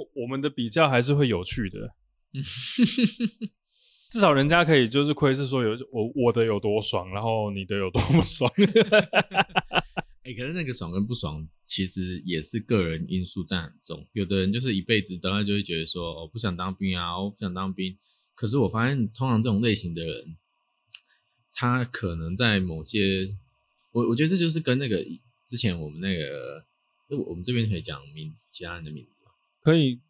我，我們的比較還是會有趣的， 至少人家可以就是窺視說有我我的有多爽，然後你的有多不爽。哎、 欸，可是那個爽跟不爽其實也是個人因素佔很重。有的人就是一輩子，當然就會覺得說我不想當兵啊，我不想當兵。可是我發現，通常這種類型的人，他可能在某些，我我覺得這就是跟那個之前我們那個，我們這邊可以講名字，其他人的名字。可以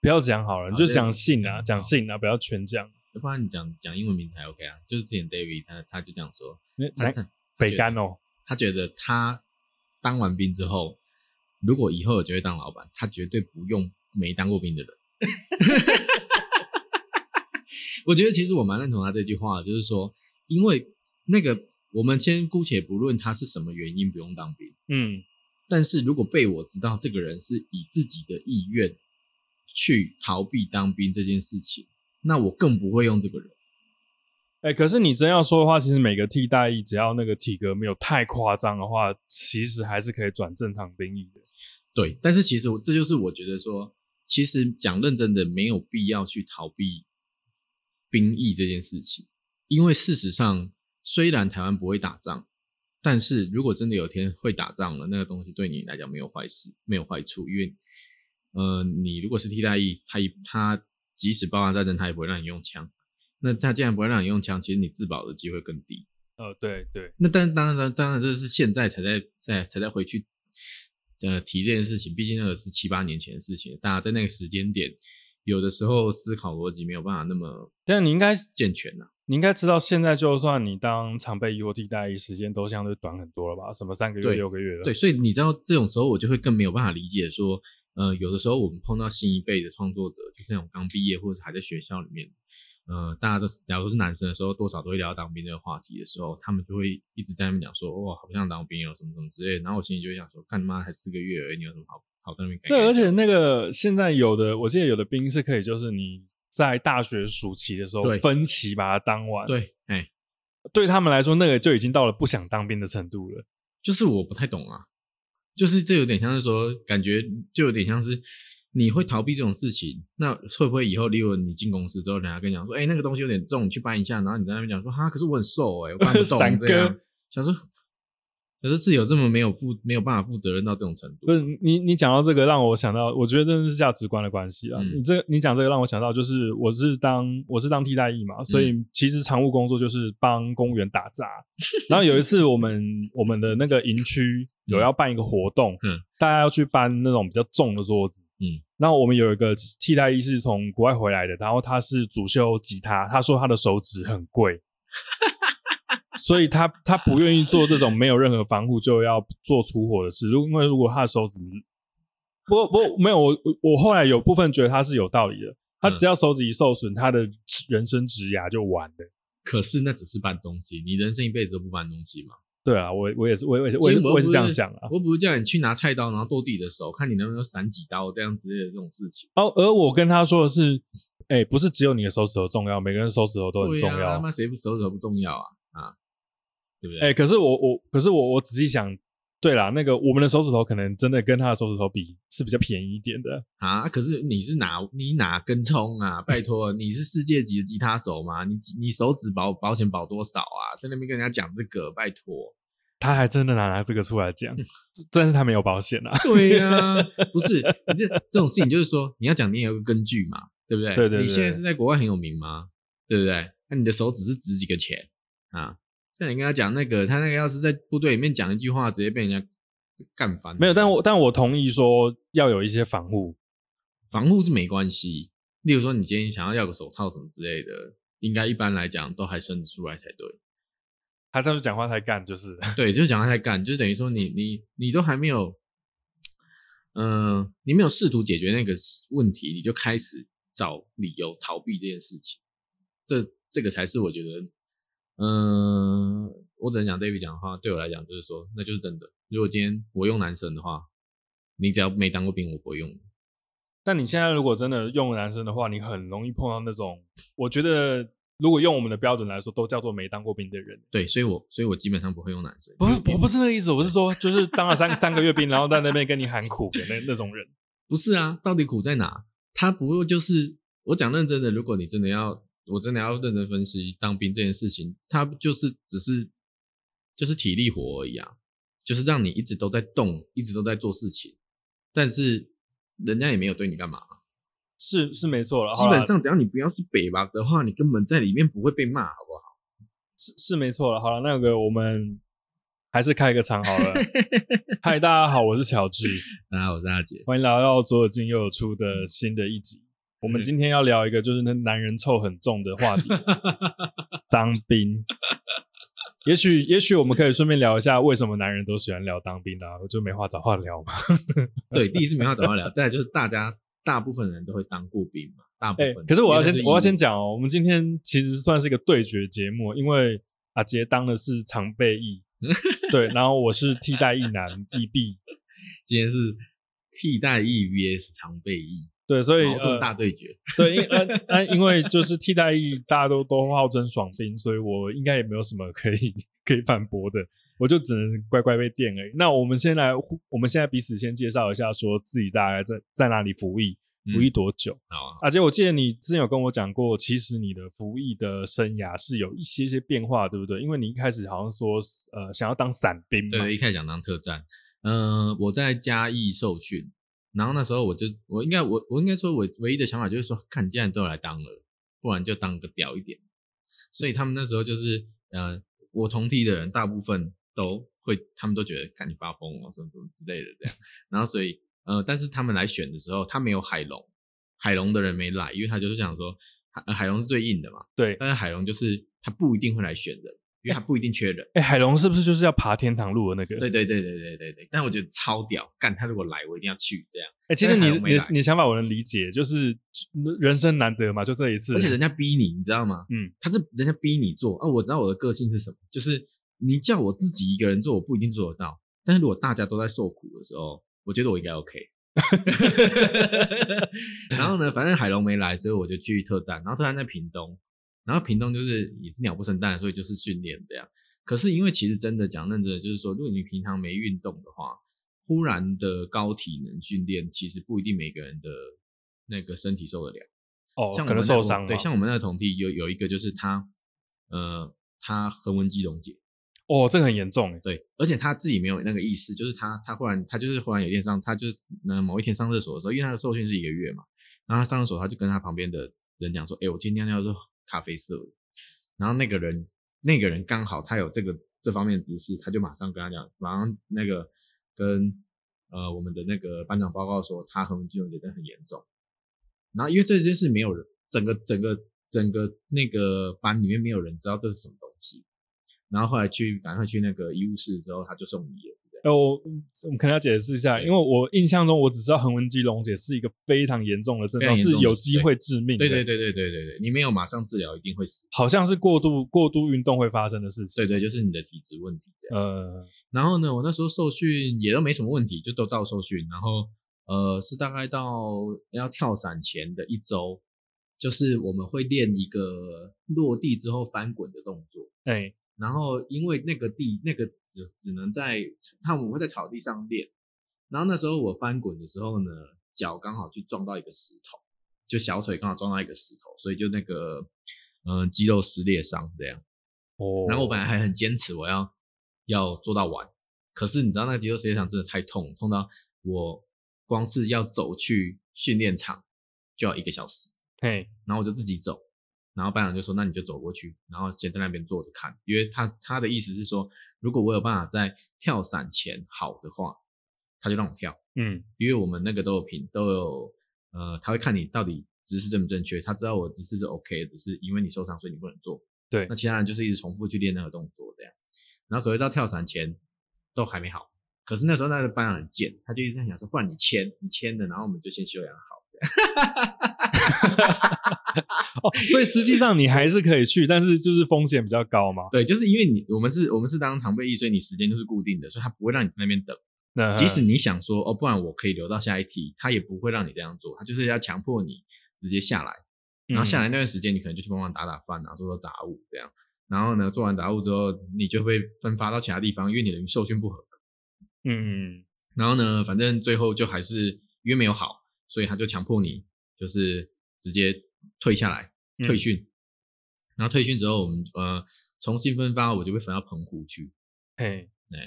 不要講好了，啊、你就講信啊，講、講信啊，不要全講。要不然你講講英文名才 OK 啊，就是之前 David 他他就這樣說，那他北幹哦他，他覺得他當完兵之後，如果以後有機會當老闆，他絕對不用沒當過兵的人。 我覺得其實我蠻認同他這句話，就是說，因為那個我們先姑且不論他是什麼原因不用當兵，嗯。但是如果被我知道這個人是以自己的意願去逃避當兵這件事情，那我更不會用這個人。哎、欸，可是你真要說的話，其實每個替代役，只要那個體格沒有太誇張的話，其實還是可以轉正常兵役的。對，但是其實我，這就是我覺得說，其實講認真的，沒有必要去逃避兵役這件事情，因為事實上，雖然台灣不會打仗。但是如果真的有一天會打仗了，那個東西對你來講沒有壞事，沒有壞處，因為，呃，你如果是替代役，他一他即使爆發戰爭，他也不會讓你用槍。那他既然不會讓你用槍，其實你自保的機會更低。呃、哦，對對。那但當然當然，這是現在才在在才，才在回去呃提這件事情，畢竟那個是七八年前的事情。大家在那個時間點，有的時候思考邏輯沒有辦法那麼、啊，但你應該健全啊。你應該知道，現在就算你當常備役或替代役，時間都相對短很多了吧？什麼三個月、對六個月對，所以你知道這種時候，我就會更沒有辦法理解說，嗯、呃，有的時候我們碰到新一輩的創作者，就是那種剛畢業或者還在學校裡面，嗯、呃，大家都，假如是男生的時候，多少都會聊到當兵這個話題的時候，他們就會一直在那邊講說，哇、哦，好想當兵哦，什麼什麼之類。然後我心裡就會想說，幹媽才四個月而已，你有什麼好好在那邊改？對，而且那個現在有的，我記得有的兵是可以，就是你。在大學暑期的時候，分期對把它當完。對，哎、欸，對他們來說，那個就已經到了不想當兵的程度了。就是我不太懂啊，就是這有點像是說，感覺就有點像是你會逃避這種事情。那會不會以後，例如你進公司之後，人家跟你講說，哎、欸，那個東西有點重，你去搬一下。然後你在那邊講說，哈，可是我很瘦、欸，哎，我搬不動這樣 哥想說。可是室友這麼沒有負、嗯、沒有辦法負責任到這種程度，不是你，你講到這個讓我想到，我覺得真的是價值觀的關係啊。嗯、你這你講這個讓我想到，就是我是當我是當替代役嘛，所以其實常務工作就是幫公務員打雜。嗯、然後有一次我們 我們的那個營區有要辦一個活動，嗯，大家要去搬那種比較重的桌子，嗯，然後我們有一個替代役是從國外回來的，然後他是主修吉他，他說他的手指很貴。 所以他他不願意做這種沒有任何防護就要做粗活的事，如因為如果他的手指，不不沒有我我後來有部分覺得他是有道理的，他只要手指一受損，他的人生職涯就完了。可是那只是搬東西，你人生一輩子都不搬東西嘛？對啊，我我也是，我也是，我，是我也是這樣想啊。我不是叫你去拿菜刀，然後剁自己的手，看你能不能閃幾刀這樣子的這種事情。哦，而我跟他說的是，哎、欸，不是只有你的手指頭重要，每個人手指頭都很重要。對啊、他媽誰不手指頭不重要啊？啊！對不對？哎、欸，可是我我可是我我仔細想，對啦。那個我們的手指頭可能真的跟他的手指頭比是比較便宜一點的啊。可是你是哪你哪根蔥啊？拜託， 你是世界級的吉他手嗎？你你手指保保險保多少啊？在那邊跟人家講這個，拜託，他還真的拿拿這個出來講， 但是他沒有保險啊。對呀、啊，不是，可是 這，這種事情就是說你要講，你也有根據嘛，對不對？對，對對，你現在是在國外很有名嗎？對不對？那、啊、你的手指是值幾個錢啊？像你跟他講那個，他那個要是在部隊裡面講一句話，直接被人家幹翻。沒有，但我但我同意說要有一些防護，防護是沒關係。例如說，你今天想要要個手套什麼之類的，應該一般來講都還生得出來才對。他這樣就講話就是講話太幹，就是對，就是講話太幹，就等於說你你你都還沒有，嗯、呃，你沒有試圖解決那個問題，你就開始找理由逃避這件事情。這這個才是我覺得。嗯、呃，我只能講 David 講的話，對我來講就是說，那就是真的。如果今天我用男生的話，你只要沒當過兵，我不會用。但你現在如果真的用男生的話，你很容易碰到那種，我覺得如果用我們的標準來說，都叫做沒當過兵的人。對，所以我所以我基本上不會用男生。不是，兵我不是那個意思，我是說，就是當了三 三個月兵，然後在那邊跟你喊苦的那那種人。不是啊，到底苦在哪？他不會就是，我講認真的，如果你真的要。我真的要認真分析當兵這件事情，它就是只是就是體力活而已啊，就是讓你一直都在動，一直都在做事情，但是人家也沒有對你幹嘛，是是沒錯了。啦基本上只要你不要是北吧的話，你根本在裡面不會被罵，好不好？是是沒錯了。好了，那個我們還是開個場好了。嗨， 大家好，我是喬治，大家好，啊，我是阿杰，歡迎來到左耳進右耳出的新的一集。我們今天要聊一個就是那男人臭很重的話題， 當兵。也許也許我們可以順便聊一下，為什麼男人都喜歡聊當兵的、啊？我就沒話找話聊嘛， 對，第一次沒話找話聊。再來就是大家大部分人都會當過兵嘛，大部分、欸。可是我要先我要先講哦、喔，我們今天其實算是一個對決節目，因為阿杰當的是常備役， 對，然後我是替代役男 E B，BB 今天是替代役 VS 常備役。對，所以大對決。呃、對，因，呃，那、 呃呃、因為就是替代役，大家都都號稱爽兵，所以我應該也沒有什麼可以可以反駁的，我就只能乖乖被電而已。那我們先來，我們現在彼此先介紹一下，說自己大概在在哪裡服役，服役多久。嗯、好啊而且、啊、我記得你之前有跟我講過，其實你的服役的生涯是有一些一些變化，對不對？因為你一開始好像說，呃，想要當傘兵，對，一開始想當特戰。嗯、呃，我在嘉義受訓。然後那時候我就我應該我我應該說，我唯一的想法就是說，看你既然都要來當了，不然就當個屌一點。所以他們那時候就是，呃，我同梯的人大部分都會，他們都覺得看你發瘋了、哦，什麼什麼之類的這樣。然後所以，呃，但是他們來選的時候，他沒有海龍，海龍的人沒來，因為他就是想說，海海龍是最硬的嘛。對，但是海龍就是他不一定會來選人。因為他不一定缺人。哎、欸，海龍是不是就是要爬天堂路的那個？對對對對對對對。但我覺得超屌，幹，他如果來，我一定要去。這樣。哎、欸，其實你你你想法我能理解，就是人生難得嘛，就這一次，啊。而且人家逼你，你知道嗎？嗯。他是人家逼你做啊！我知道我的個性是什麼，就是你叫我自己一個人做，我不一定做得到。但是如果大家都在受苦的時候，我覺得我應該 OK。然後呢，反正海龍沒來，所以我就去特戰。然後特戰在屏東。然後屏東就是也是鳥不生蛋，所以就是訓練這樣。可是因為其實真的講認真，就是說，如果你平常沒運動的話，忽然的高體能訓練，其實不一定每個人的那個身體受得了。哦，像我們那個、可能受傷。對，像我們那個同梯有有一個就是他，呃，他橫紋肌溶解。哦，這個很嚴重。對，而且他自己沒有那個意識，就是他他忽然他就是忽然有點上，他就呃某一天上廁所的時候，因為他的受訓是一個月嘛，然後他上廁所，他就跟他旁邊的人講說，哎、欸，我今天尿尿的時候咖啡色，然後那個人，那個人剛好他有這個這方面的知識，他就馬上跟他講，馬上那個跟呃我們的那個班長報告說，他橫紋肌溶解症很嚴重。然後因為這件事沒有人，整個整個整個,整個那個班裡面沒有人知道這是什麼東西。然後後來去趕快去那個醫務室之後，他就送醫院。哎、呃，我我們可能要解釋一下，對因為我印象中我只知道橫紋肌溶解是一個非常嚴重的症狀，是有機會致命對對。對對對對對對對，你沒有馬上治療，一定會死。好像是過度過度運動會發生的事情。對對，就是你的體質問題這樣。呃，然後呢，我那時候受訓也都沒什麼問題，就都照受訓。然後呃，是大概到要跳傘前的一周，就是我們會練一個落地之後翻滾的動作。對、欸。然後因為那個地那個只只能在，他們會在草地上練，然後那時候我翻滾的時候呢，腳剛好去撞到一個石頭，就小腿剛好撞到一個石頭，所以就那個嗯，呃，肌肉撕裂傷這樣。哦。Oh. 然後我本來還很堅持我要要做到完，可是你知道那個肌肉撕裂傷真的太痛，痛到我光是要走去訓練場就要一個小時。Hey. 然後我就自己走。然後班長就說：“那你就走過去，然後先在那邊坐着看，因為他他的意思是說，如果我有辦法在跳傘前好的話，他就讓我跳。嗯，因為我們那個都有品，都有呃，他會看你到底姿勢正不正確，他知道我姿勢是 OK，只是因為你受傷所以你不能做。對，那其他人就是一直重複去練那個動作這樣。然後可是到跳傘前都還沒好，可是那時候那個班長很賤，他就一直在想說，不然你簽，你簽了，然後我們就先休養好這樣。”哈哈哈。 哦，所以實際上你還是可以去，對但是就是風險比較高嘛。對，就是因為你我們是我們是當常備役，所以你時間就是固定的，所以他不會讓你在那邊等。Uh huh. 即使你想說哦，不然我可以留到下一梯，他也不會讓你這樣做。他就是要強迫你直接下來，然後下來那段時間，你可能就去幫忙打打飯啊，做做雜物這樣。然後呢，做完雜物之後，你就會分發到其他地方，因為你的受訓不合格。嗯、uh，huh. 然後呢，反正最後就還是因為沒有好，所以他就強迫你。就是直接退下來退訓，嗯、然後退訓之後，我們呃重新分發，我就被分到澎湖去。哎哎嘿，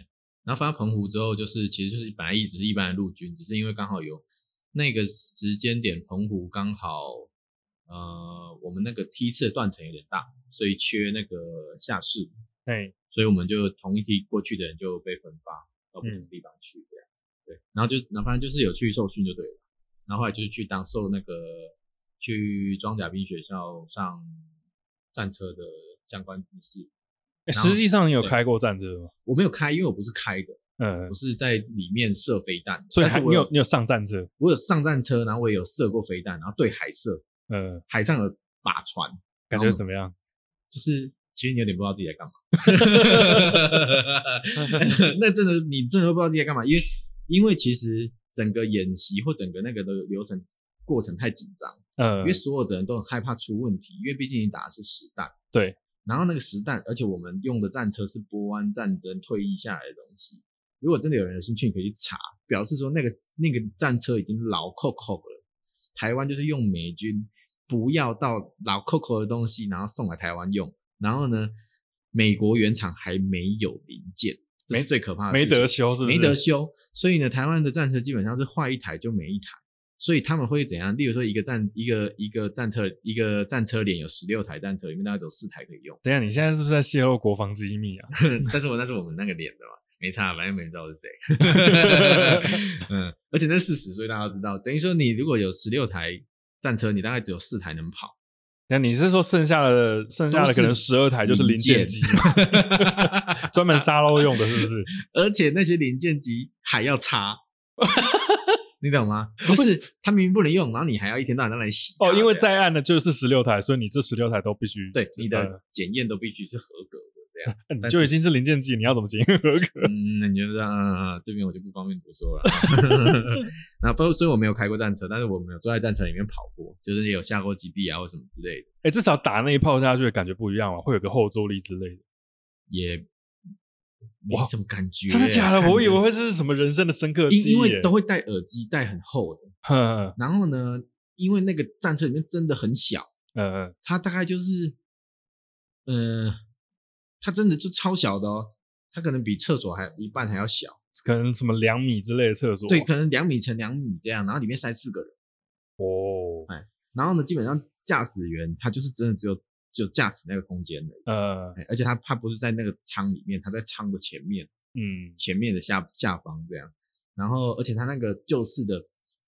然後分到澎湖之後，就是其實就是本來一直是一般的陸軍，只是因為剛好有那個時間點，澎湖剛好呃我們那個梯次斷層有點大，所以缺那個下士。對嘿，所以我們就同一梯過去的人就被分發到不同地方去這樣。嗯、對，然後就那反正就是有去受訓就對了。然後，後來就是去當受那個去裝甲兵學校上戰車的相關軍事。實際上，你有開過戰車嗎？我沒有開，因為我不是開的，呃、嗯，我是在裡面射飛彈。所以有你有你有上戰車？我有上戰車，然後我也有射過飛彈，然後對海射。呃、嗯，海上的靶船感覺怎麼樣？就是其實你有點不知道自己在幹嘛。那真的，你真的不知道自己在幹嘛，因為因為其實。整個演習，或整個那個的流程過程太緊張，嗯，因為所有的人都很害怕出問題，因為畢竟你打的是實彈。對。然後那個實彈，而且我們用的戰車是波灣戰爭退役下來的東西。如果真的有人有興趣，你可以去查，表示說那個那個戰車已經老摳摳了。台灣就是用美軍不要到老摳摳的東西，然後送來台灣用。然後呢，美國原廠還沒有零件。沒最可怕的，沒得修是不是？沒得修，所以呢，台灣的戰車基本上是壞一台就沒一台，所以他們會怎樣？例如說一一，一個戰一個一個戰車一個戰車連有十六台戰車，裡面大概只有四台可以用。等一下，你現在是不是在洩露國防機密啊？ 但是我那是我們那個連的嘛，沒差，反正沒人知道是誰。 嗯，而且這是事實，所以大家知道，等於說你如果有十六台戰車，你大概只有四台能跑。那你是說，剩下的剩下的，可能十二台就是零件機，專 門殺肉用的，是不是？而且那些零件機還要擦， 你懂嗎？不、就是它明明不能用，然後你還要一天到晚在那裡洗、啊。哦，因為在案的就是十六台，所以你這十六台都必須，對，你的檢驗都必須是合格的。是就已經是零戰績，你要怎麼贏？嗯，你就這樣。嗯、啊、嗯、啊，這邊我就不方便多說了。然後， 雖然我沒有開過戰車，但是我沒有坐在戰車裡面跑過，就是也有下過基地啊，或什麼之類的。哎、欸，至少打那一炮下去，感覺不一樣啊，會有個後坐力之類的。也，哇，什麼感覺、啊？真的假的？覺我以為會是什麼人生的深刻。因因為都會戴耳機，戴很厚的。呵呵然後呢，因為那個戰車裡面真的很小。嗯嗯呵，它大概就是，嗯、呃。它真的就超小的，哦，它可能比廁所還一半還要小，可能什麼兩米之類的廁所。對，可能兩米乘兩米這樣，然後裡面塞四個人。哦，哎，然後呢，基本上駕駛員他就是真的只有只有駕駛那個空間的。呃，而且他他不是在那個艙裡面，他在艙的前面，嗯，前面的下下方這樣。然後，而且他那個舊式的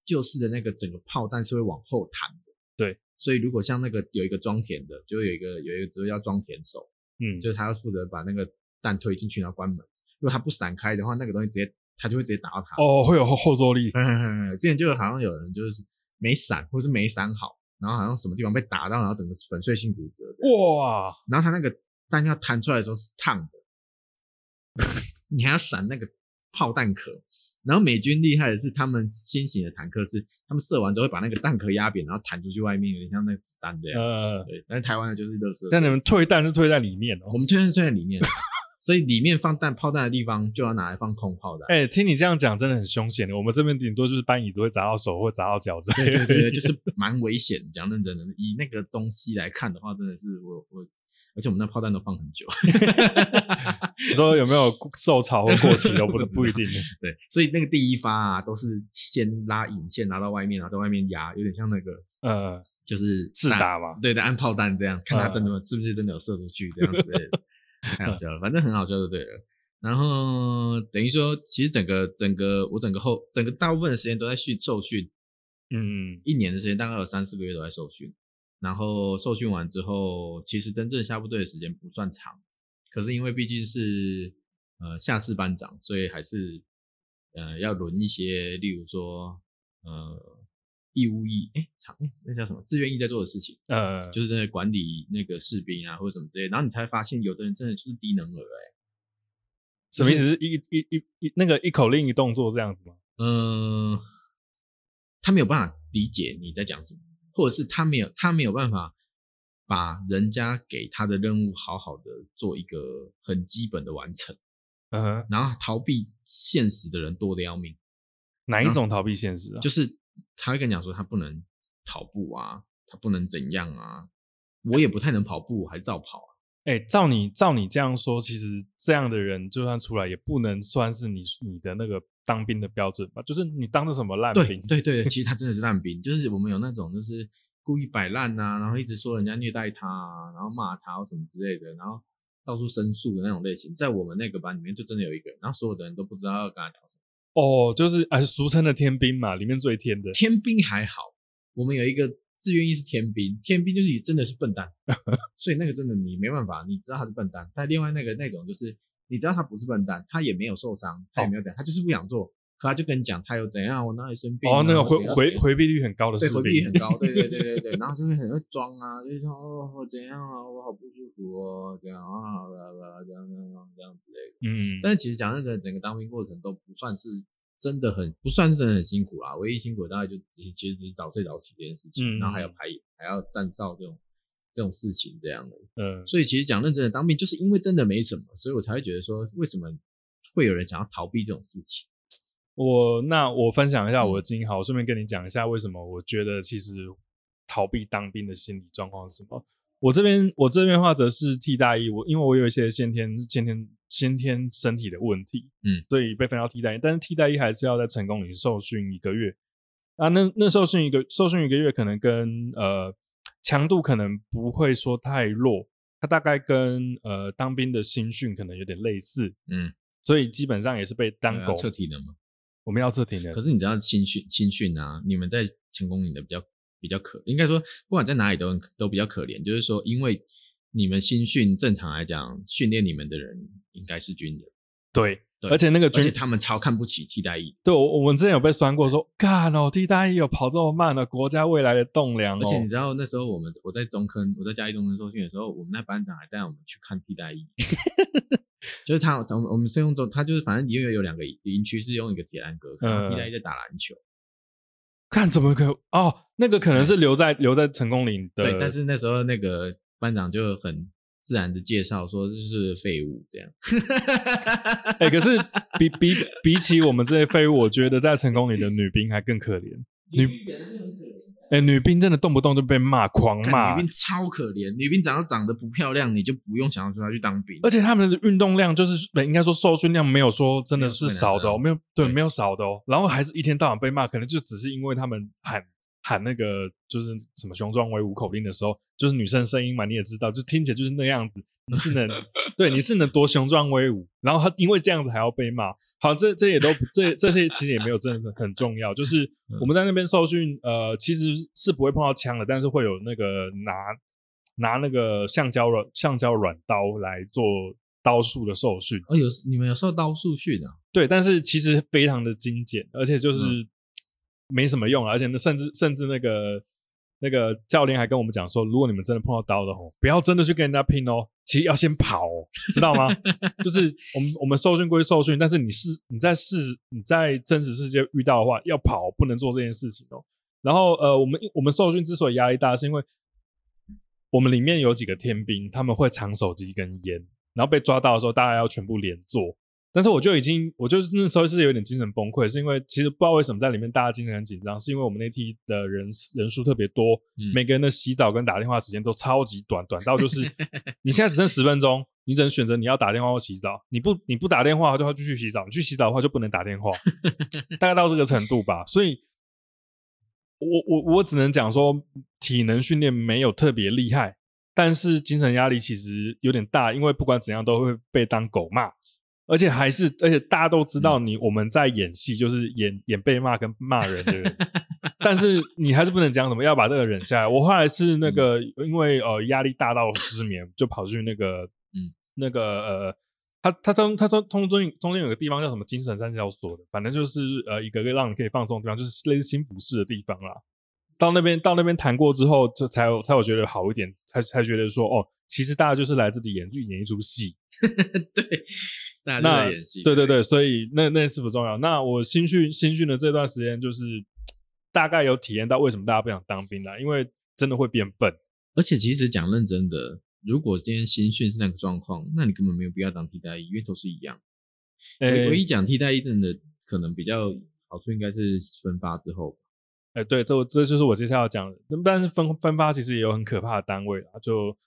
舊式的那個整個炮彈是會往後彈的。對，所以如果像那個有一個裝填的，就有一個有一個職位叫裝填手。嗯，就是他要負責把那個彈推進去，然後關門。如果他不閃開的話，那個東西直接他就會直接打到他。哦，會有後後坐力。之前就好像有人就是沒閃，或是沒閃好，然後好像什麼地方被打到，然後整個粉碎性骨折。哇，然後他那個彈要彈出來的時候是燙的， 你還要閃那個炮彈殼。然後美軍厲害的是，他們新型的坦克是他們射完之後會把那個彈殼壓扁然，然後彈出去外面，有點像那個子彈的。嗯、呃，對。但是台灣的就是樂色。但你們退彈是退在裡面哦。我們退彈是退在裡面， 所以裡面放彈炮彈的地方就要拿來放空炮的。哎、欸，聽你這樣講，真的很兇險的。我們這邊頂多就是搬椅子會砸到手或砸到腳之類的。對對對，就是蠻危險。講認真的，以那個東西來看的話，真的是我我。而且我們那炮彈都放很久， 你說有沒有受潮或過期我不 我都不不一定。對，所以那個第一發啊，都是先拉引線拿到外面，然後在外面壓，有點像那個呃，就是打自打嘛，對，對，按炮彈這樣，看它真的有有是不是真的有射出去這樣子。太好笑了，反正很好笑就對了。然後等於說，其實整個整個我整個後整個大部分的時間都在訓受訓，嗯嗯，一年的時間大概有三四個月都在受訓。然後受訓完之後，其實真正下部隊的時間不算長，可是因為畢竟是呃下士班長，所以還是呃要輪一些，例如說呃義務役，哎廠誒那叫什麼自願役在做的事情，呃就是在管理那個士兵啊或者什麼之類，然後你才發現有的人真的就是低能兒誒什麼意思是其實？一一一一那個一口令一動作這樣子嗎？嗯、呃，他沒有辦法理解你在講什麼。或者是他沒有，他沒有辦法把人家給他的任務好好的做一個很基本的完成，嗯、uh，huh. 然後逃避現實的人多得要命，哪一種逃避現實啊？就是他跟你講說他不能跑步啊，他不能怎樣啊，我也不太能跑步，還照跑。哎、欸，照你照你這樣說，其實這樣的人就算出來也不能算是你你的那個當兵的標準吧？就是你當的什麼爛兵？對對對，其實他真的是爛兵。 就是我們有那種就是故意擺爛吶、啊，然後一直說人家虐待他啊，然後罵他啊什麼之類的，然後到處申訴的那種類型，在我們那個班裡面就真的有一個，然後所有的人都不知道要跟他講什麼。哦，就是哎俗稱的天兵嘛，裡面最天的。天兵還好，我們有一個。自願役是天兵，天兵就是你真的是笨蛋， 所以那個真的你沒辦法，你知道他是笨蛋。但另外那個那種就是你知道他不是笨蛋，他也沒有受傷，哦、他也沒有怎樣，他就是不想做。可他就跟你講他有怎樣，我哪裡生病？哦，那個回回回避率很高的士兵。對回避率很高，對對對對對，然後就會很會裝啊， 就說哦怎樣啊，我好不舒服哦，這樣啊，好了這樣這樣這樣子類的。嗯，但是其實講真的，整個當兵過程都不算是。真的很不算是真的很辛苦啦，啊，唯一辛苦的大概就是其實只是早睡早起這件事情，嗯、然後還要排還要站哨這種這種事情這樣的。嗯，所以其實講認真的當兵，就是因為真的沒什麼，所以我才會覺得說為什麼會有人想要逃避這種事情。我那我分享一下我的經驗哈，我順便跟你講一下為什麼我覺得其實逃避當兵的心理狀況是什麼？我這邊我這邊的話則是替代役，我因為我有一些先天先天先天身體的問題，嗯，所以被分到替代役。但是替代役還是要在成功嶺受訓一個月，啊，那那受訓一個受訓一個月，可能跟呃強度可能不會說太弱，它大概跟呃當兵的新訓可能有點類似，嗯，所以基本上也是被當狗測體能嗎？我們要測體能。可是你知道新訓新訓啊，你們在成功嶺的比較。比較可，應該說，不管在哪裡都都比較可憐。就是說，因為你們新訓，正常來講，訓練你們的人應該是軍人，對，對而且那個軍，而且他們超看不起替代役。對，我我們之前有被酸過，說，幹哦對、喔，替代役又跑這麼慢了、喔，國家未來的棟梁、喔。而且你知道，那時候我們我在中坑，我在嘉義中坑受訓的時候，我們那班長還帶我們去看替代役， 就是他，他我們我們是用中，他就是反正因為有兩個營區是用一個鐵欄隔開，替代役在打籃球。嗯看怎麼可，哦、oh,，那個可能是留在對留在成功嶺的，對，但是那時候那個班長就很自然的介紹說這是廢物這樣，哎、 欸，可是比比比起我們這些廢物， 我覺得在成功嶺的女兵還更可憐，女。女哎、欸，女兵真的動不動就被罵，狂罵。女兵超可憐，女兵只要長得不漂亮，你就不用想要說她去當兵。而且她們的運動量就是，嗯、應該說受訓量沒有說真的是少的、哦，嗯、沒有，對，沒有少的哦。對然後還是一天到晚被罵，可能就只是因為他們喊喊那個就是什麼雄壯威武口令的時候，就是女生聲音嘛，你也知道，就聽起來就是那樣子。 是你是能對你是能多雄壯威武，然後他因為這樣子還要被罵。好，這這也都這這些其實也沒有真的很重要。就是我們在那邊受訓，呃，其實是不會碰到槍的，但是會有那個拿拿那個橡膠軟橡膠軟刀來做刀術的受訓。啊、哦，有你們有受刀術訓的、啊，對，但是其實非常的精簡，而且就是沒什麼用、啊，而且那甚至甚至那個那個教練還跟我們講說，如果你們真的碰到刀的話，不要真的去跟人家拼哦。其實要先跑，知道嗎？ 就是我們我們受訓歸受訓，但是你是你在是你在真實世界遇到的話，要跑，不能做這件事情哦、喔。然後呃，我們我們受訓之所以壓力大，是因為我們裡面有幾個天兵，他們會藏手機跟菸，然後被抓到的時候，大家要全部連坐。但是我就已經，我就那時候是有點精神崩潰，是因為其實不知道為什麼在裡面大家精神很緊張，是因為我們那批的人人數特別多，嗯，每個人的洗澡跟打電話時間都超級短，短到就是 你現在只剩十分鐘，你只能選擇你要打電話或洗澡，你不你不打電話的話就繼續洗澡，你去洗澡的話就不能打電話， 大概到這個程度吧。所以，我我我只能講說體能訓練沒有特別厲害，但是精神壓力其實有點大，因為不管怎樣都會被當狗罵。而且還是，而且大家都知道你我們在演戲，嗯、就是演演被罵跟罵人的人，對不對？ 但是你還是不能講什麼，要把這個忍下來。我後來是那個，嗯、因為呃壓力大到失眠，就跑去那個、嗯、那個呃他他中他中，中中中間有個地方叫什麼精神三小所的，反正就是呃一個讓你可以放鬆的地方，就是類似心輔室的地方啦。到那邊到那邊談過之後，就才有才有覺得好一點，才才覺得說哦，其實大家就是來這裡演一演一出戲， 對。大大那對對對，所以那那是不重要。那我新訓新訓的這段時間，就是大概有體驗到為什麼大家不想當兵了，因為真的會變笨。而且其實講認真的，如果今天新訓是那個狀況，那你根本沒有必要當替代役，因為都是一樣。誒、欸，唯一講替代役真的可能比較好處應該是分發之後吧。哎、欸，對，這這就是我接下來要講的。那麼但是分分發其實也有很可怕的單位啊，就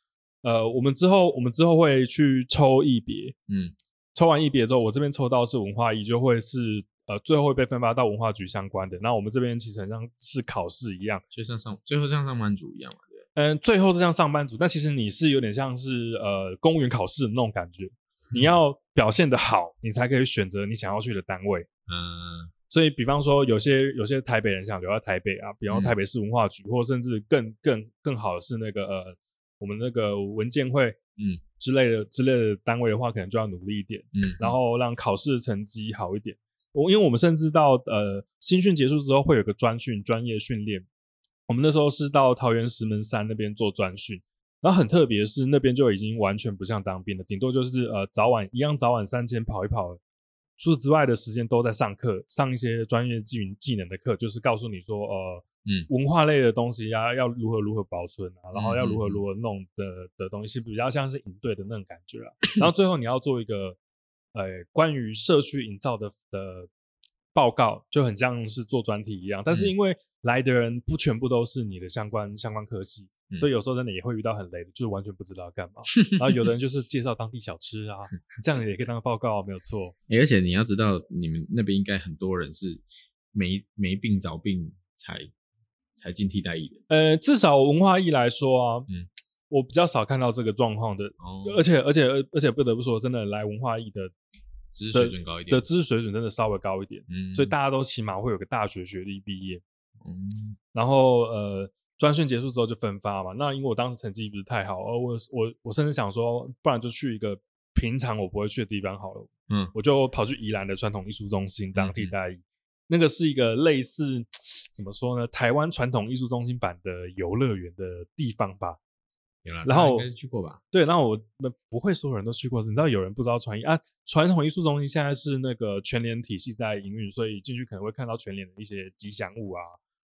呃，我們之後我們之後會去抽役別，嗯。抽完役別之後，我這邊抽到是文化役，就會是呃，最後會被分發到文化局相關的。那我們這邊其實很像是考試一樣，就像上最後像上班族一樣嘛，對。嗯，最後是像上班族，但其實你是有點像是呃公務員考試的那種感覺，你要表現得好，你才可以選擇你想要去的單位。嗯，所以比方說有些有些台北人想留在台北啊，比方說台北市文化局，嗯、或甚至更更更好的是那個呃我們那個文建會。嗯。之類的之類的單位的話，可能就要努力一點，嗯哼，然後讓考試成績好一點。我因為我們甚至到呃新訓結束之後，會有個專訓，專業訓練。我們那時候是到桃園石門山那邊做專訓，然後很特別是，是那邊就已經完全不像當兵了，頂多就是呃早晚一樣，早晚，一樣早晚三千跑一跑，除此之外的時間都在上課，上一些專業技技能的課，就是告訴你說呃。文化類的東西啊，要如何如何保存啊，嗯、然後要如何如何弄的，嗯、的，的東西，比較像是營隊的那種感覺啊。然後最後你要做一個， 呃，關於社區營造的的報告，就很像是做專題一樣。但是因為來的人不全部都是你的相關相關科系，所以、嗯、有時候真的也會遇到很雷的，就是完全不知道幹嘛。嗯、然後有的人就是介紹當地小吃啊， 這樣也可以當個報告，啊，沒有錯。而且你要知道，你們那邊應該很多人是沒沒病找病才。才進替代役的，呃，至少文化役來說啊，嗯，我比較少看到這個狀況的，哦、而且而且而且不得不說，真的來文化役的，知識水準高一點的，的知識水準真的稍微高一點，嗯，所以大家都起碼會有個大學學歷畢業，嗯，然後呃，專訓結束之後就分發嘛，那因為我當時成績不是太好，而、呃、我我我甚至想說，不然就去一個平常我不會去的地方好了，嗯，我就跑去宜蘭的傳統藝術中心當替代役。嗯嗯。那個是一個類似，怎麼說呢？台灣傳統藝術中心版的遊樂園的地方吧。啦然後去過吧？對，那我們不會所有人都去過，你知道有人不知道。傳藝，啊，傳統藝術中心現在是那個全聯體系在營運，所以進去可能會看到全聯的一些吉祥物啊，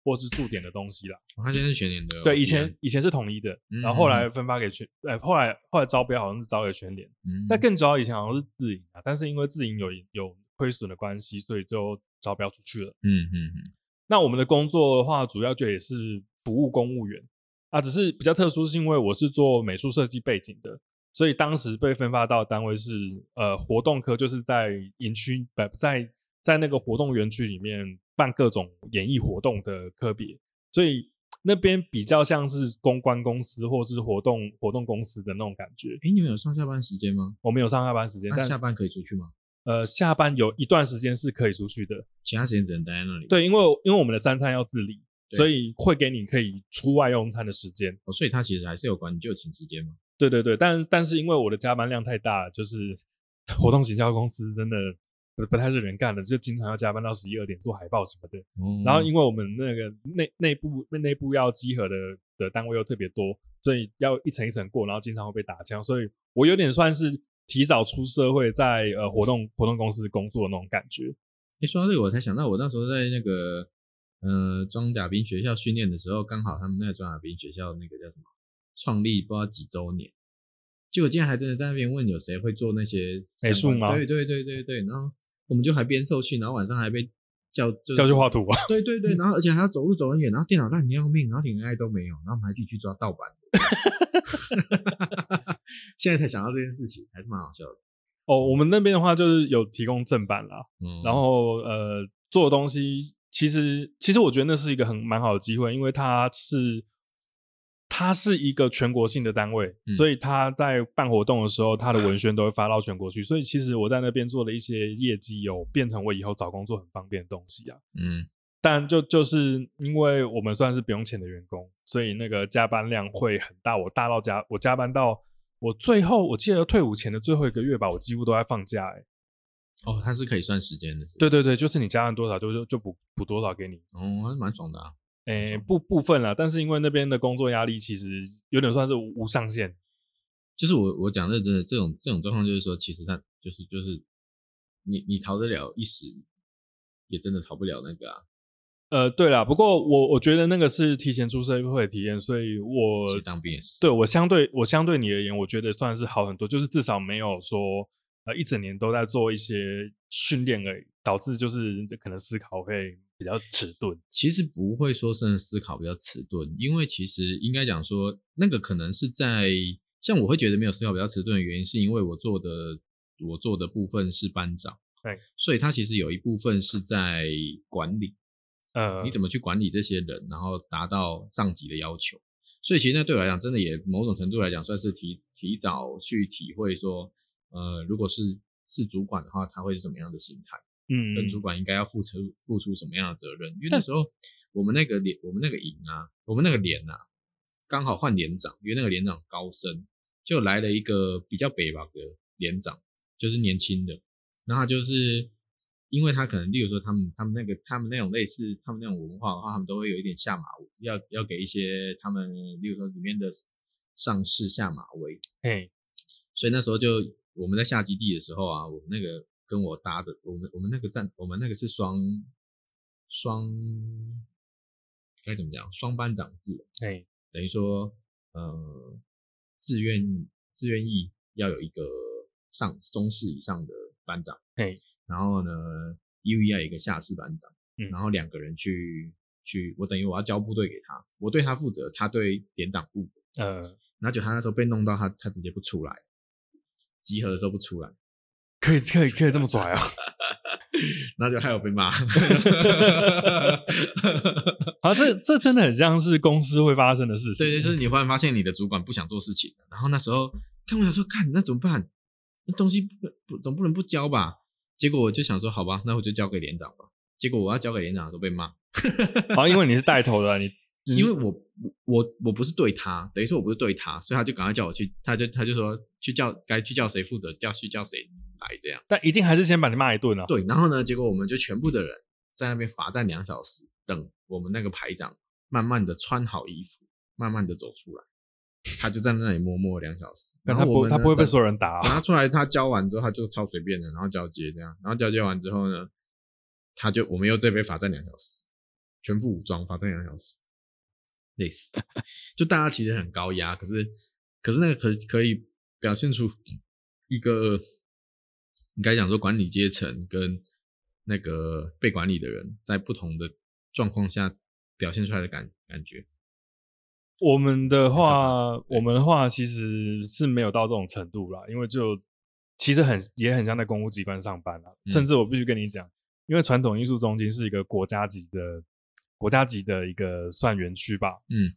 或是駐點的東西啦。它，哦，現在是全聯的，對，以前以前是統一的，然後後來分發給全，對、嗯嗯欸，後來後來招標好像是招給全聯。嗯嗯，但更主要以前好像是自營啊，但是因為自營有有虧損的關係，所以就。招標出去了，嗯嗯嗯。嗯嗯，那我們的工作的話，主要就也是服務公務員啊，只是比較特殊，是因為我是做美術設計背景的，所以當時被分發到單位是呃活動科，就是在營區、在在那個活動園區裡面辦各種演藝活動的科別，所以那邊比較像是公關公司或是活動活動公司的那種感覺。誒、欸、你們有上下班時間嗎？我們有上下班時間，但、啊、下班可以出去嗎？呃，下班有一段時間是可以出去的，其他時間只能待在那裡。對，因為因為我們的三餐要自理，對所以會給你可以出外用餐的時間。哦，所以他其實還是有關就寢時間，有管你就寢時間嘛。對對對，但但是因為我的加班量太大，就是活動行銷公司真的不不太是人幹的，就經常要加班到十一二點做海報什麼的。嗯。然後因為我們那個內內部內部要集合的的單位又特別多，所以要一層一層過，然後經常會被打槍，所以我有點算是。提早出社會，在呃活動活動公司工作的那種感覺。誒，說到這個，我才想到我那時候在那個呃裝甲兵學校訓練的時候，剛好他們那個裝甲兵學校那個叫什麼創立不知道幾周年，就我今天還真的在那邊問有誰會做那些美術嗎？對對對對對，然後我們就還邊受訓，然後晚上還被。叫叫去畫圖啊！對對對，嗯、然後而且還要走路走很遠，然後電腦爛的要命，然後連愛都沒有，然後我們還繼續抓盜版。 現在才想到這件事情，還是蠻好笑的。哦，我們那邊的話就是有提供正版啦，嗯、然後呃，做的東西其實其實我覺得那是一個很蠻好的機會，因為它是。它是一個全國性的單位，嗯、所以他在辦活動的時候，嗯、他的文宣都會發到全國去。所以其實我在那邊做了一些業績，哦，有變成我以後找工作很方便的東西啊。嗯，但就就是因為我們算是不用錢的員工，所以那個加班量會很大。我大到加，我加班到我最後，我記得退伍前的最後一個月吧，我幾乎都在放假，欸。哎，哦，它是可以算時間的是不是？對對對，就是你加班多少就，就就就補補多少給你。哦，還是蠻爽的啊。誒，部部分啦，但是因為那邊的工作壓力其實有點算是無無上限。就是我我講認真的，這種這種狀況，就是說，其實上就是就是，你你逃得了一時，也真的逃不了那個啊。呃，對啦，不過我我覺得那個是提前出社會體驗，所以我對我相對我相對你而言，我覺得算是好很多，就是至少沒有說呃一整年都在做一些訓練而已，導致就是人家可能思考會。比較遲鈍，其實不會說是思考比較遲鈍，因為其實應該講說那個可能是在像我會覺得沒有思考比較遲鈍的原因，是因為我做的我做的部分是班長，對嘿，所以他其實有一部分是在管理，呃，你怎麼去管理這些人，然後達到上級的要求，所以其實那對我來講，真的也某種程度來講算是提提早去體會說，呃，如果是是主管的話，他會是什麼樣的心態。嗯，嗯，跟主管應該要付出付出什麼樣的責任？因為那時候我們那個連，我們那個營啊，我們那個連啊，剛好換連長，因為那個連長高升，就來了一個比較北吧的連長，就是年輕的。然後就是因為他可能，例如說他們他們那個他們那種類似他們那種文化的話，他們都會有一點下馬威，要要給一些他們，例如說裡面的上士下馬威。哎，嘿 所以那時候就我們在下基地的時候啊，我們那個。跟我搭的，我們我們那個站，我們那個是雙雙，該怎麼講？雙班長制，哎嘿，等於說，呃，志願志願役要有一個上中士以上的班長，哎嘿，然後呢，又要一個下士班長，嗯，然後兩個人去去，我等於我要交部隊給他，我對他負責，他對連長負責，呃，然後就他那時候被弄到他，他他直接不出來，集合的時候不出來。可以可以可以這麼拽哦、啊，那 就害我被罵。好、 啊，這這真的很像是公司會發生的事情。對對，就是你忽然發現你的主管不想做事情，然後那時候，但我想說，看那怎麼辦？那東西不總不，不能不交吧？結果我就想說，好吧，那我就交給連長吧。結果我要交給連長都被罵。好、 啊，因為你是帶頭的，你、就是、因為我。我我我不是對他，等於說我不是對他，所以他就趕快叫我去，他就他就說去叫該去叫誰負責，叫去叫誰來這樣。但一定還是先把你罵一頓啊。對，然後呢，結果我們就全部的人在那邊罰站兩小時，等我們那個排長慢慢的穿好衣服，慢慢的走出來，他就站在那裡默默兩小時。然後他不他不會被所有人打哦？拿出來他交完之後，他就超隨便的，然後交接這樣，然後交接完之後呢，他就我們又這邊罰站兩小時，全副武裝罰站兩小時。累死， 就大家其實很高壓，可是可是那個可可以表現出一個，應該講說管理階層跟那個被管理的人在不同的狀況下表現出來的感感覺。我們的話，我們的話其實是沒有到這種程度啦，因為就其實很，也很像在公務機關上班啦，嗯、甚至我必須跟你講，因為傳統藝術中心是一個國家級的。國家級的一個算園區吧，嗯，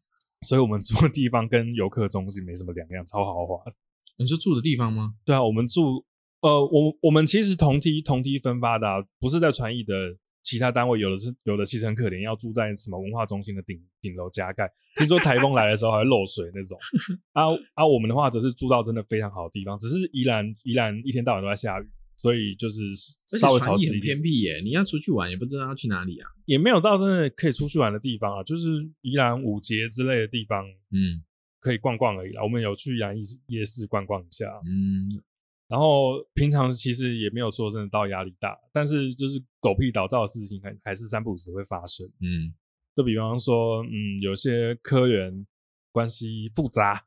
所以我們住的地方跟遊客中心沒什麼兩樣，超豪華。你是住的地方嗎？對啊，我們住，呃，我我們其實同梯同梯分發的，啊，不是在傳藝的其他單位，有的是有的其實很可憐，要住在什麼文化中心的頂頂樓加蓋，聽說颱風來的時候還會漏水那種。啊 啊，啊我們的話則是住到真的非常好的地方，只是宜蘭宜蘭一天到晚都在下雨。所以就是，稍微長邑很偏僻耶，你要出去玩也不知道要去哪裡啊，也沒有到真的可以出去玩的地方啊，就是宜蘭五結之類的地方，嗯，可以逛逛而已。我們有去楊藝夜市逛逛一下，嗯，然後平常其實也沒有說真的到壓力大，但是就是狗屁倒灶的事情還還是三不五時會發生，嗯，就比方說，嗯，有些科員關係複雜。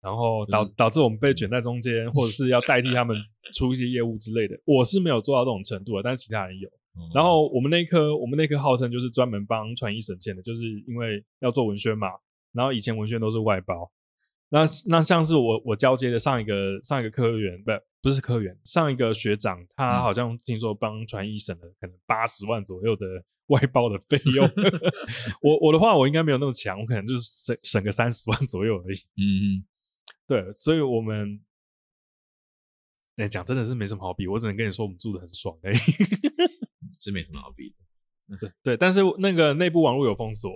然後導、就是、導致我們被捲在中間，或者是要代替他們出一些業務之類的。 我是沒有做到這種程度的，但是其他人有。嗯、然後我們那一科，我們那一科號稱就是專門幫傳藝省錢的，就是因為要做文宣嘛。然後以前文宣都是外包。那那像是我我交接的上一個上一個科員不不是科員，上一個學長，他好像聽說幫傳藝省了可能八十萬左右的外包的費用。 我我的話我應該沒有那麼強，我可能就是省省個三十萬左右而已。嗯嗯。對，所以我們哎，講真的是沒什麼好比，我只能跟你說，我們住得很爽哎，是沒什麼好比的對。對，但是那個內部網絡有封鎖，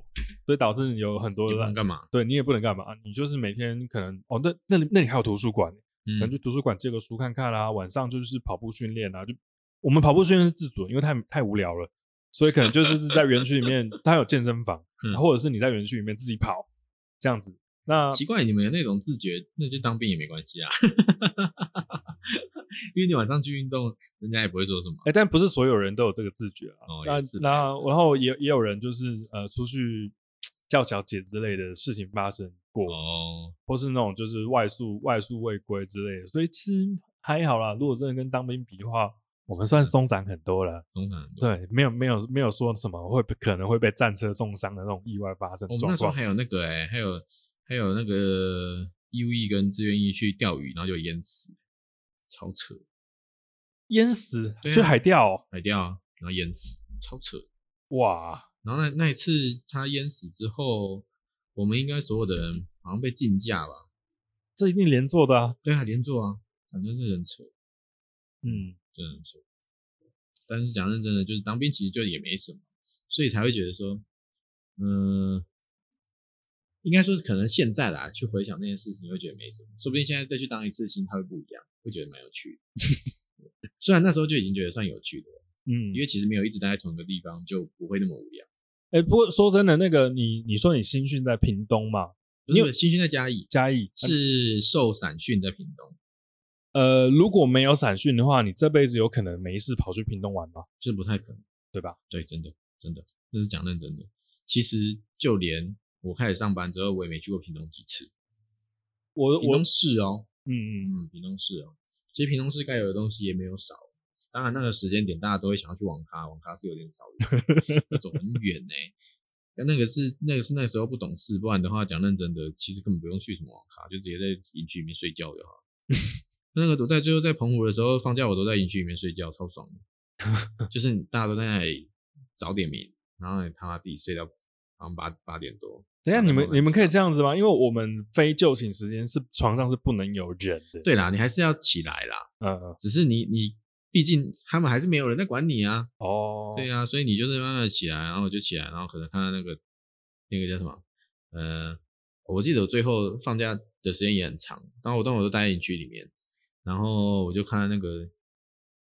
所以導致你有很多不能幹嘛。對你也不能幹嘛，你就是每天可能哦，那那那裡還有圖書館，嗯、可能去圖書館借個書看看啦、啊。晚上就是跑步訓練啊，就我們跑步訓練是自主的，因為太太無聊了，所以可能就是在園區裡面，它 有健身房，嗯、或者是你在園區裡面自己跑這樣子。那奇怪，你們有那種自覺，那就當兵也沒關係啊，哈哈哈哈哈，因為你晚上去運動，人家也不會說什麼。哎、欸，但不是所有人都有這個自覺、啊、哦也是那那，是然後也也有人就是呃出去叫小姐之類的事情發生過，哦或是那種就是外宿外宿未歸之類的。所以其實還好啦，如果真的跟當兵比的話，我們算鬆散很多了，鬆散很多。對，沒有沒有沒有說什麼會可能會被戰車重傷的那種意外發生、哦。我們那時候還有那個哎、欸，還有。還有那個義務役跟志願役去釣魚，然後就淹死，超扯！淹死去、啊、海釣、哦，海釣然後淹死，超扯！哇！然後那那一次他淹死之後，我們應該所有的人好像被禁假吧？這一定連坐的啊！對啊，連坐啊！反正是人扯，嗯，真的很扯。但是講認真的，就是當兵其實就也沒什麼，所以才會覺得說，嗯、呃。應該說是，可能現在啦，去回想那件事情，會覺得沒什麼。說不定現在再去當一次新，它會不一樣，會覺得蠻有趣的。 雖然那時候就已經覺得算有趣的了，嗯，因為其實沒有一直待在同一個地方，就不會那麼無聊。誒、欸、不過說真的，那個你，你說你新訓在屏東嗎？不是不是，你有新訓在嘉義，嘉義是受散訓在屏東。呃，如果沒有散訓的話，你這輩子有可能沒事跑去屏東玩嗎？是不太可能，對吧？對，真的，真的，這是講認真的。其實就連。我開始上班之後，我也沒去過屏東幾次。我屏東市哦、喔，嗯嗯嗯，屏東市哦、喔。其實屏東市該有的東西也沒有少。當然，那個時間點大家都會想要去網咖，網咖是有點少，走 很遠呢、欸。那那個是那個是那時候不懂事，不然的話講認真的，其實根本不用去什麼網咖，就直接在營區裡面睡覺就好。 那個都在最後在澎湖的時候放假，我都在營區裡面睡覺，超爽的。 就是大家都在那裡早點名，然後他媽自己睡到好像八八點多。等一下，你們你們可以這樣子嗎？因為我們非就寢時間是床上是不能有人的。對啦，你還是要起來啦。嗯，嗯，只是你你畢竟他們還是沒有人在管你啊。哦，對啊，所以你就是慢慢的起來，然後我就起來，然後可能看到那個那個叫什麼？呃，我記得我最後放假的時間也很長，然後我等我就待在去區裡面，然後我就看到那個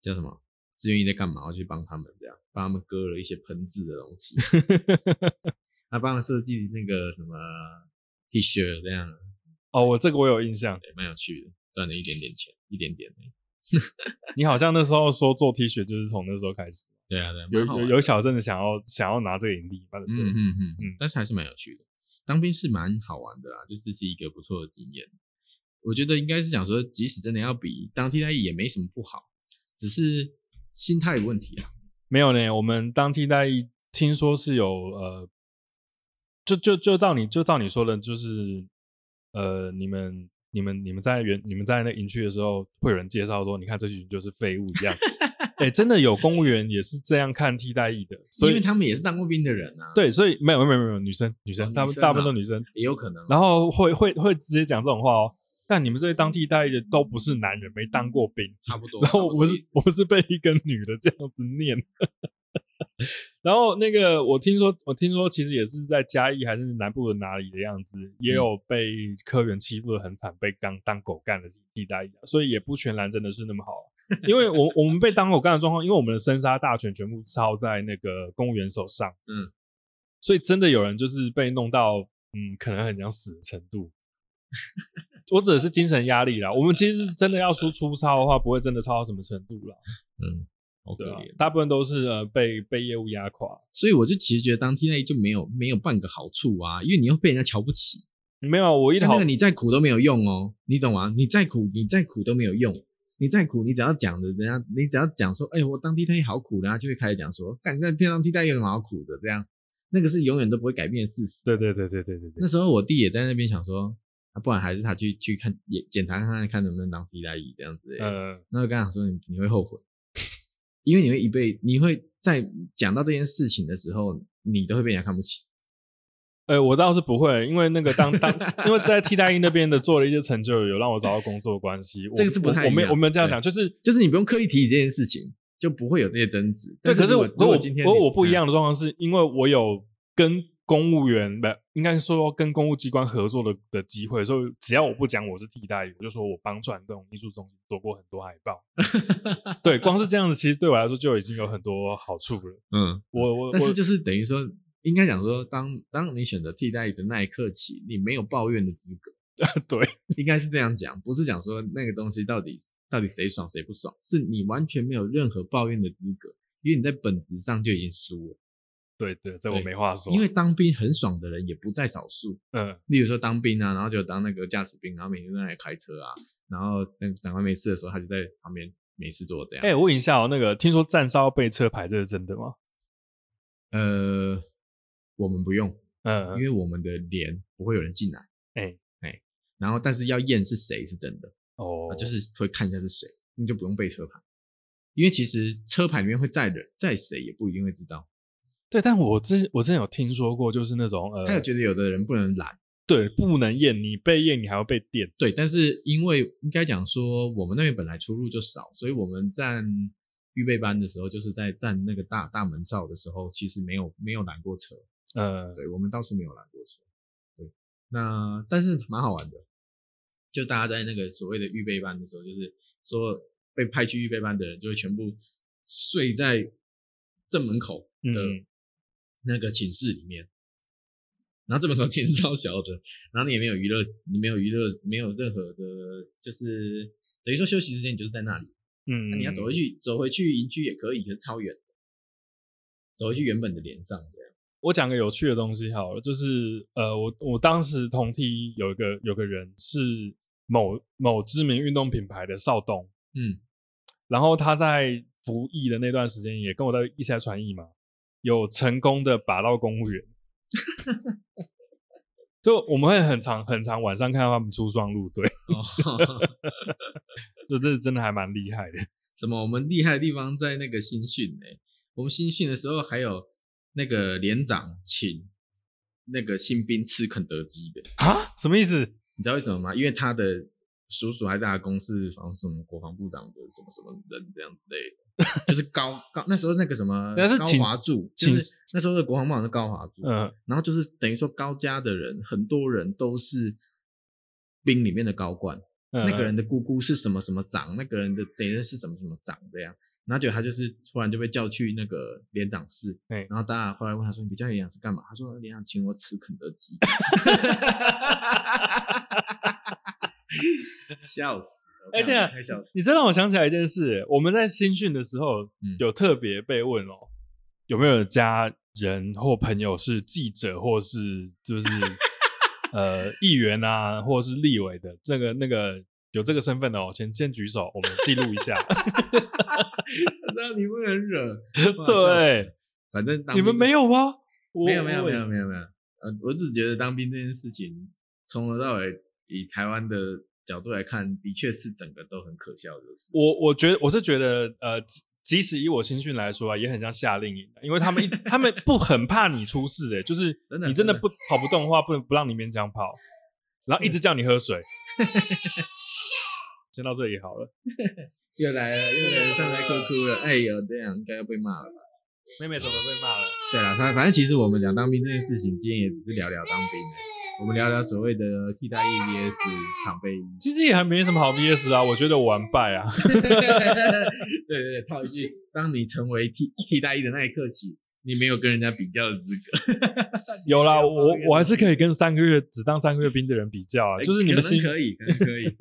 叫什麼，志願役在幹嘛，去幫他們這樣，幫他們割了一些盆子的東西。呵呵呵呵呵還幫我設計那個什麼 T 恤這樣哦，我這個我有印象，也蠻有趣的，賺了一點點錢，一點點 你好像那時候說做 T 恤就是從那時候開始。對啊，對，有有有小陣子，想要想要拿這個盈利，反正嗯嗯嗯嗯，但是還是蠻有趣的。當兵是蠻好玩的啦，就是是一個不錯的經驗。我覺得應該是想說，即使真的要比當替代役也沒什麼不好，只是心態問題啊。沒有呢，我們當替代役聽說是有呃。就就就照你就照你說的，就是，呃，你們你們你們在園你們在那營區的時候，會有人介紹說，你看這群就是廢物一樣，哎、 欸，真的有公務員也是這樣看替代役的，所以因為他們也是當過兵的人啊。對，所以沒有沒有沒有女生女生，哦女生啊，大大部分女生也有可能，啊，然後會會會直接講這種話哦。嗯、但你們這些當替代役的都不是男人，嗯、沒當過兵，差不多。然後我是不我不是被一個女的這樣子念。 然後那個，我聽說，我聽說，其實也是在嘉義還是南部的哪裡的樣子，也有被科員欺負得很慘，被當當狗幹的替代役，所以也不全然真的是那麼好。因為我我們被當狗幹的狀況，因為我們的生殺大權全部操在那個公務員手上，嗯，所以真的有人就是被弄到嗯，可能很想死的程度。我指的是精神壓力啦。我們其實真的要說粗糙的話，不會真的糙到什麼程度了，嗯。OK，、啊、大部分都是呃被被業務壓垮，所以我就其實覺得當替代役，e、就沒有沒有半個好處啊，因為你又被人家瞧不起。沒有我一頭，那個你再苦都沒有用哦，你懂嗎、啊？你再苦，你再苦都沒有用，你再苦，你只要講着人家，你只要講說，哎、欸，我當替代役好苦的，啊，就會開始講說，幹覺天上替代役什麼好苦的，這樣那個是永遠都不會改變的事實。對對對對對對對。那時候我弟也在那邊想說，啊，不然還是他去去看也檢查看看看能不能當替代役這樣子。嗯、呃，那後剛想說你，你會後悔。因為你會一輩，你會在講到這件事情的時候，你都會被人家看不起。呃，我倒是不會，因為那個當當， 因為在替代役那邊的做了一些成就，有讓我找到工作關係。這個是不太我我，我沒有我沒有這樣講，對就是就是你不用刻意提起這件事情，就不會有這些爭執。對，對，可是我如果今天過我，我不一樣的狀況，是因為我有跟。公務員不，應該說跟公務機關合作的的機會，所以只要我不講我是替代役，我就說我幫傳統藝術中心做過很多海報。 對，光是這樣子，其實對我來說就已經有很多好處了。嗯，我我但是就是等於說，應該講說，當當你選擇替代的那一刻起，你沒有抱怨的資格。啊，對，應該是這樣講，不是講說那個東西到底到底誰爽誰不爽，是你完全沒有任何抱怨的資格，因為你在本質上就已經輸了。對對，這我沒話說。因為當兵很爽的人也不在少數，嗯，例如說當兵啊，然後就當那個駕駛兵，然後每天在那裡開車啊，然後那個長官沒事的時候，他就在旁邊沒事做這樣。哎，問一下哦，那個聽說站哨要背車牌，這是真的嗎？呃，我們不用，嗯，因為我們的連不會有人進來，哎哎誒，然後但是要驗是誰是真的哦，啊、就是會看一下是誰，你就不用背車牌，因為其實車牌裡面會載人，載誰也不一定會知道。對，但我之前我之前有聽說過，就是那種呃，他有覺得有的人不能攔，對，不能驗你被驗，你還要被電，對。但是因為應該講說，我們那邊本來出入就少，所以我們站預備班的時候，就是在站那個大大門哨的時候，其實沒有沒有攔過車，呃，對，我們倒是沒有攔過車，對。那但是蠻好玩的，就大家在那個所謂的預備班的時候，就是說被派去預備班的人就會全部睡在正門口的，嗯。那個寢室裡面，然後這麼多是超小的，然後你也沒有娛樂，你沒有娛樂，沒有任何的，就是等於說休息時間你就是在那裡，嗯，啊、你要走回去，走回去營區也可以，就是超遠，走回去原本的連上。這樣，啊，我講個有趣的東西好了，就是呃，我我當時同梯有一個有個人是某某知名運動品牌的少東，嗯，然後他在服役的那段時間也跟我在一起在傳藝嘛。有成功的把到公務員， 就我們會很常很常晚上看到他們出雙入對，oh. 就這真的還蠻厲害的。什麼？我們厲害的地方在那個新訓哎、欸，我們新訓的時候還有那個連長請那個新兵吃肯德基的啊？什麼意思？你知道為什麼嗎？因為他的。叔叔還在他公司，好像是我們國防部長的什麼什麼人這樣之類的， 就是高高那時候那個什麼，是是高華柱，其實秦那時候的國防部長是高華柱，嗯，然後就是等於說高家的人，很多人都是兵裡面的高官，嗯，那個人的姑姑是什麼什麼長，嗯，那個人的等於是什麼什麼長這樣，然後就他就是突然就被叫去那個連長室，嗯，然後大家後來問他說你被叫連長是幹嘛，他說連長請我吃肯德基。 笑死！哎，對啊、欸，你這讓我想起來一件事、欸。我們在新訓的時候，嗯、有特別被問哦、喔，有沒有家人或朋友是記者，或是就是 呃議員啊，或是立委的？這個那個有這個身份的哦、喔，先先舉手，我們記錄一下。這樣你不能惹。對、欸，反正你們沒有嗎？沒有，沒有，沒有，沒有，沒有。呃，我只覺得當兵這件事情，從頭到尾。以台灣的角度來看，的確是整個都很可笑的事。我我覺得我是覺得，呃，即使以我新訓來說啊，也很像夏令營，因為他們 他們不很怕你出事誒、欸、就是你真的不真的跑不動的話，不能不讓你勉強跑，然後一直叫你喝水。 先到這裡好了， 又來了，又來了。上來哭哭了。哎呦，這樣應該要被罵了吧？妹妹怎麼被罵了？對了，反反正其實我們講當兵這件事情，今天也只是聊聊當兵的、欸。我們聊聊所謂的替代役 VS 常備役，其實也還沒什麼好 VS 啊，我覺得我完敗啊。 對對對，套一句，當你成為替替代役、e、的那一刻起，你沒有跟人家比較的資格。 有啦，我我還是可以跟三個月只當三個月兵的人比較啊，對就是你們可以可以可以，可能可以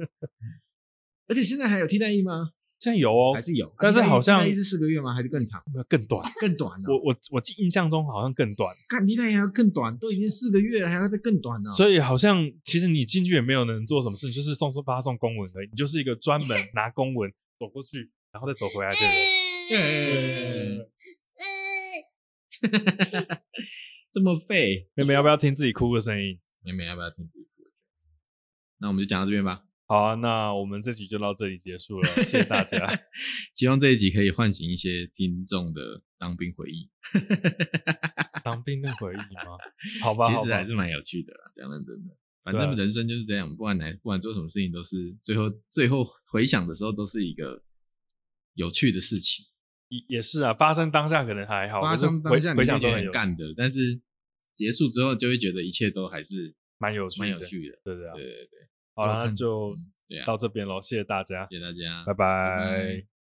而且現在還有替代役、e、嗎？現在有哦，還是有，但是好像、啊、一直是四個月嗎？還是更長？更短， 更短了、哦。我我我記印象中好像更短。看， 你看還要更短，都已經四個月了，還要再更短呢、哦。所以好像其實你進去也沒有能做什麼事，就是送發送公文而已。你就是一個專門拿公文 走過去，然後再走回來的人。對，這麼廢。妹妹要不要聽自己哭的聲音？妹妹要不要聽自己哭的聲音？那我們就講到這邊吧。好啊，那我們這集就到這裡結束了，謝謝大家。 希望這一集可以喚醒一些聽眾的當兵回憶， 當兵的回憶嗎？好吧，好吧，其實還是蠻有趣的啦，講真的。反正人生就是這樣，不管來，不管做什麼事情，都是最後最後回想的時候，都是一個有趣的事情。也也是啊，發生當下可能還好，發生當下你就很幹的，但是結束之後就會覺得一切都還是蠻有趣，蠻有趣的。趣的對對對啊，對對對。好，那就到這邊嘍，嗯，對啊，謝謝大家，謝謝大家，拜拜。拜拜。